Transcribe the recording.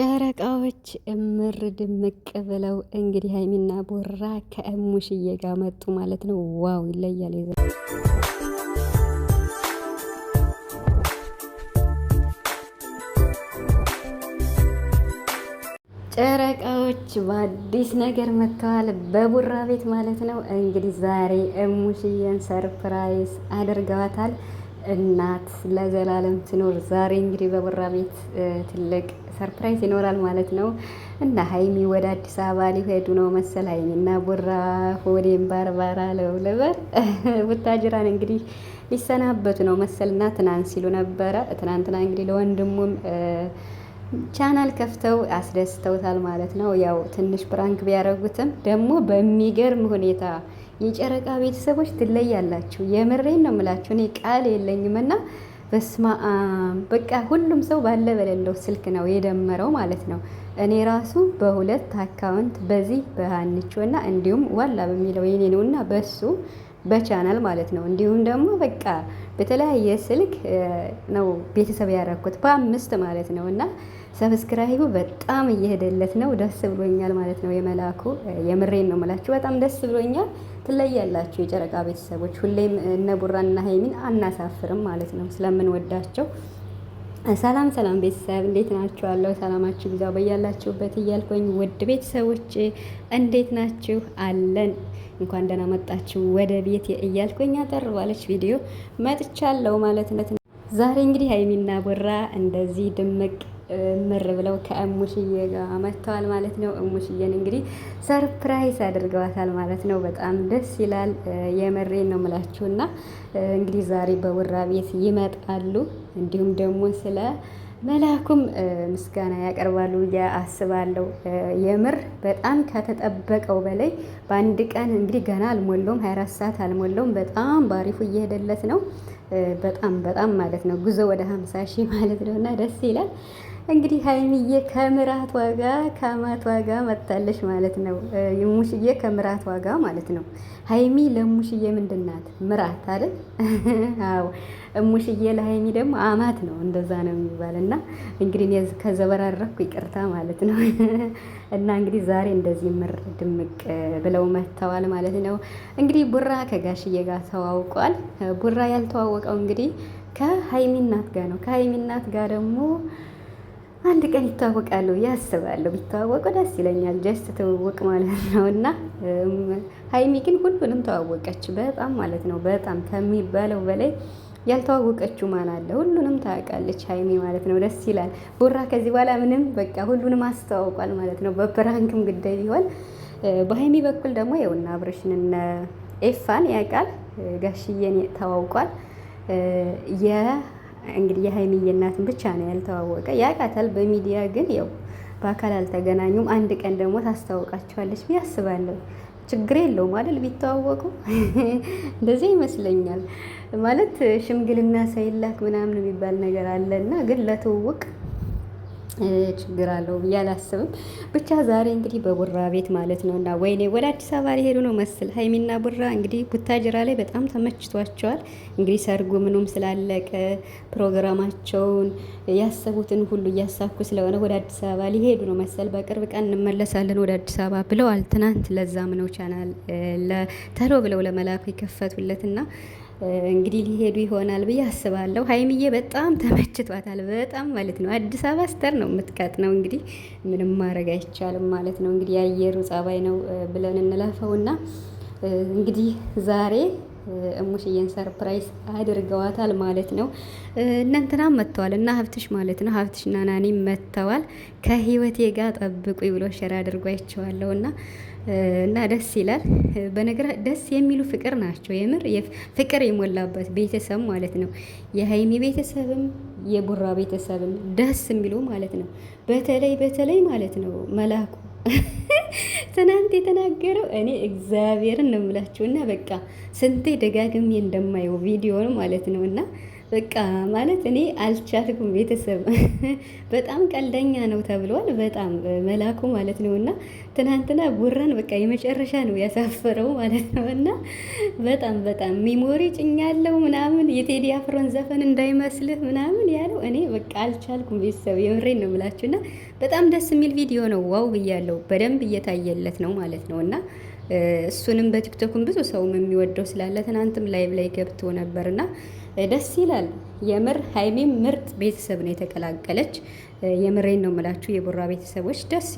ጨረቃዎች እምር ድምቅ ብለው እንግዲህ ሀይሚና ቦራ ከእሙሽዬ ጋር መጡ ማለት ነው። ዋው ይለያል። ጨረቃዎች በአዲስ ነገር መጥተዋል፣ በቡራ ቤት ማለት ነው። እንግዲህ ዛሬ እሙሽዬን ሰርፕራይዝ አድርገዋታል። እናት ለዘላለም ትኖር። ዛሬ እንግዲህ በቡራ ቤት ትልቅ ሰርፕራይዝ ይኖራል ማለት ነው። እና ሀይሚ ወደ አዲስ አበባ ሊሄዱ ነው መሰል ሀይሚ እና ቦራ ሆዴን ባርባራ ለው ልበር ቡታጅራን እንግዲህ ሊሰናበቱ ነው እና ትናንት ሲሉ ነበረ። ትናንትና እንግዲህ ለወንድሙም ቻናል ከፍተው አስደስተውታል ማለት ነው። ያው ትንሽ ፕራንክ ቢያደርጉትም ደግሞ በሚገርም ሁኔታ የጨረቃ ቤተሰቦች ትለያላችሁ። የምሬን ነው የምላችሁ፣ እኔ ቃል የለኝም እና በስማ በቃ ሁሉም ሰው ባለ በሌለው ስልክ ነው የደመረው ማለት ነው። እኔ ራሱ በሁለት አካውንት በዚህ በሀንቾ እና እንዲሁም ዋላ በሚለው የኔ ነው እና በሱ በቻናል ማለት ነው። እንዲሁም ደግሞ በቃ በተለያየ ስልክ ነው ቤተሰብ ያደረኩት በአምስት ማለት ነው። እና ሰብስክራይቡ በጣም እየሄደለት ነው። ደስ ብሎኛል ማለት ነው። የመላኩ የምሬን ነው የምላችሁ፣ በጣም ደስ ብሎኛል። ትለያላችሁ የጨረቃ ቤተሰቦች፣ ሁሌም እነ ቡራና ሀይሚን አናሳፍርም ማለት ነው ስለምንወዳቸው ሰላም ሰላም ቤተሰብ እንዴት ናችኋለሁ? ሰላማችሁ ብዛው በያላችሁበት እያልኩኝ ውድ ቤተሰቦች እንዴት ናችሁ? አለን እንኳን ደህና መጣችሁ ወደ ቤት እያልኩኝ አጠር ባለች ቪዲዮ መጥቻለሁ ማለት ነው። ዛሬ እንግዲህ ሀይሚና ቡራ እንደዚህ ድምቅ ምር ብለው ከእሙሽዬ ጋር መጥተዋል ማለት ነው። እሙሽዬን እንግዲህ ሰርፕራይዝ አድርገዋታል ማለት ነው። በጣም ደስ ይላል። የመሬን ነው የምላችሁ እና እንግዲህ ዛሬ በውራ ቤት ይመጣሉ። እንዲሁም ደግሞ ስለ መላኩም ምስጋና ያቀርባሉ ብዬ አስባለሁ። የምር በጣም ከተጠበቀው በላይ በአንድ ቀን እንግዲህ ገና አልሞላውም፣ 24 ሰዓት አልሞላውም። በጣም ባሪፉ እየሄደለት ነው። በጣም በጣም ማለት ነው ጉዞ ወደ 50 ሺህ ማለት ነው እና ደስ ይላል። እንግዲህ ሀይሚዬ ከምራት ዋጋ ከአማት ዋጋ መጥታለች ማለት ነው። ሙሽዬ ከምራት ዋጋ ማለት ነው። ሀይሚ ለሙሽዬ ምንድናት? ምራት አይደል? አዎ ሙሽዬ ለሀይሚ ደግሞ አማት ነው። እንደዛ ነው የሚባል እና እንግዲህ ከዘበራረኩ ይቅርታ ማለት ነው። እና እንግዲህ ዛሬ እንደዚህ ምር ድምቅ ብለው መጥተዋል ማለት ነው። እንግዲህ ቡራ ከጋሽዬ ጋር ተዋውቋል። ቡራ ያልተዋወቀው እንግዲህ ከሀይሚናት ጋር ነው። ከሀይሚናት ጋር ደግሞ አንድ ቀን ይተዋወቃሉ ያስባለሁ። ቢተዋወቁ ደስ ይለኛል። ጀስት ትውውቅ ማለት ነው እና ሀይሚ ግን ሁሉንም ተዋወቀች። በጣም ማለት ነው በጣም ከሚባለው በላይ ያልተዋወቀችው ማን አለ? ሁሉንም ታውቃለች ሀይሚ ማለት ነው። ደስ ይላል። ቡራ ከዚህ በኋላ ምንም በቃ ሁሉንም አስተዋውቋል ማለት ነው። በፕራንክም ጉዳይ ቢሆን በሀይሚ በኩል ደግሞ የውና አብርሽንና ኤፋን ያውቃል። ጋሽዬን ተዋውቋል። እንግዲህ የሀይሚዬ እናትን ብቻ ነው ያልተዋወቀ። ያውቃታል በሚዲያ ግን ያው በአካል አልተገናኙም። አንድ ቀን ደግሞ ታስታውቃቸዋለች ብዬ አስባለሁ። ችግር የለውም አይደል? ቢተዋወቁ እንደዚህ ይመስለኛል። ማለት ሽምግልና ሳይላክ ምናምን የሚባል ነገር እና ግን ለትውውቅ ችግር አለው ብዬ አላስብም። ብቻ ዛሬ እንግዲህ በቡራ ቤት ማለት ነው እና ወይኔ ወደ አዲስ አበባ ሊሄዱ ነው መስል ሀይሚና ቡራ እንግዲህ ቡታጅራ ላይ በጣም ተመችቷቸዋል። እንግዲህ ሰርጉ ምኑም ስላለቀ ፕሮግራማቸውን ያሰቡትን ሁሉ እያሳኩ ስለሆነ ወደ አዲስ አበባ ሊሄዱ ነው መስል በቅርብ ቀን እንመለሳለን ወደ አዲስ አበባ ብለዋል ትናንት። ለዛም ነው ቻናል ተሎ ብለው ለመላኩ የከፈቱለትና እንግዲህ ሊሄዱ ይሆናል ብዬ አስባለሁ። ሀይሚዬ በጣም ተመችቷታል፣ በጣም ማለት ነው። አዲስ አበባ ስተር ነው የምትቀጥ ነው እንግዲህ ምንም ማድረግ አይቻልም ማለት ነው። እንግዲህ የአየሩ ጸባይ ነው ብለን እንለፈው እንለፈውና እንግዲህ ዛሬ እሙሽዬን ሰርፕራይዝ አድርገዋታል ማለት ነው። እነንትናም መጥተዋል እና ሀብትሽ ማለት ነው ሀብትሽ ናናኒ መጥተዋል። ከህይወቴ ጋር ጠብቁ ብሎ ሸር አድርጓቸዋለሁ እና እና ደስ ይላል። በነገራ ደስ የሚሉ ፍቅር ናቸው። የምር ፍቅር የሞላበት ቤተሰብ ማለት ነው። የሀይሚ ቤተሰብም የቡራ ቤተሰብም ደስ የሚሉ ማለት ነው። በተለይ በተለይ ማለት ነው መላኩ ትናንት የተናገረው እኔ እግዚአብሔርን ነው የምላችሁ እና በቃ ስንቴ ደጋግሜ እንደማየው ቪዲዮ ማለት ነው እና በቃ ማለት እኔ አልቻልኩም። ቤተሰብ በጣም ቀልደኛ ነው ተብሏል። በጣም መላኩ ማለት ነው እና ትናንትና ቡራን በቃ የመጨረሻ ነው ያሳፈረው ማለት ነው እና በጣም በጣም ሚሞሪ ጭኛለው ምናምን የቴዲ አፍሮን ዘፈን እንዳይመስልህ ምናምን ያለው እኔ በቃ አልቻልኩም። ቤተሰብ የምሬን ነው የምላችሁ እና በጣም ደስ የሚል ቪዲዮ ነው። ዋው ብያለው። በደንብ እየታየለት ነው ማለት ነው እና እሱንም በቲክቶክም ብዙ ሰውም የሚወደው ስላለ ትናንትም ላይቭ ላይ ገብቶ ነበርና ደስ ይላል። የምር ሀይሜ ምርጥ ቤተሰብ ነው የተቀላቀለች። የምሬን ነው የምላችሁ የቦራ ቤተሰቦች ደስ